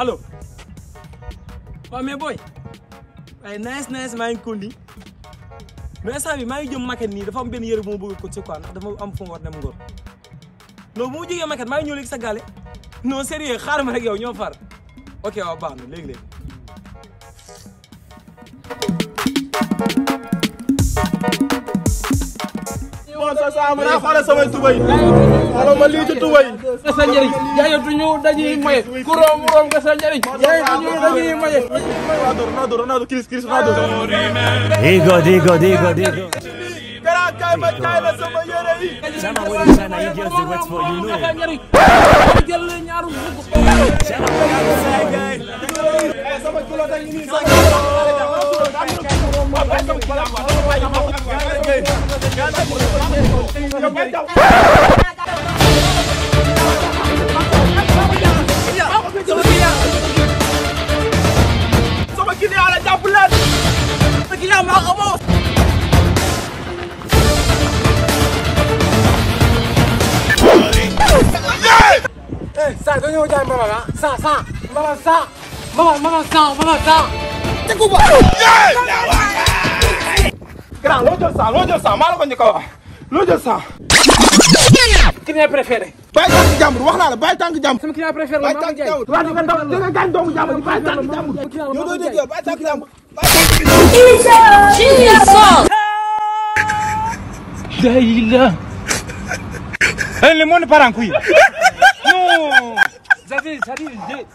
allo waaw mais booy waaye nice nice maa ngi kondi mais instant maa ngi jëm maquette nii dafa am benn yëre bu ma bëgg a am fu ma war dem bu ma jógee maquette maa ngi ñëw léegi sa gaale non sérieux xaar ma rek yow far ok waaw baax na léegi waxoon sa saa ma naa xoolal samay tuba yi xoolal ma lii ci tuba yi nga sa njëriñ jaayatuñu dañuy maye ku room room nga sa njëriñ jaayatuñu dañuy maye naa dóor naa dóor naa dóor kiris kiris naa dóor digo digo digo digo gara kay ma jaay la sama yére yi sama wëri sana yi jël di wet for you know jël ñaaru sama kilo eh, dañu ni sama sama client la jàpp leen sama client maa amoo sa do ñëw jaay mbala la sa sa mbala sa mbala mbala sa mbala sa te ko ba grand loo jël sa loo jël sa maa la ko njëkk a wax loolu jël saa. client préféré. bàyyi tànk jàmbur wax naa la bàyyi tànk jàmbur. sama client préféré la Mama Ndiaye. wax dëgg nga doon danga gaañ doomu jàmbur bàyyi tànk jàmbur. yow doo dégg yow bàyyi tànk jàmbur. Dayila. Elle le monde part en couille. Non. Ça fait,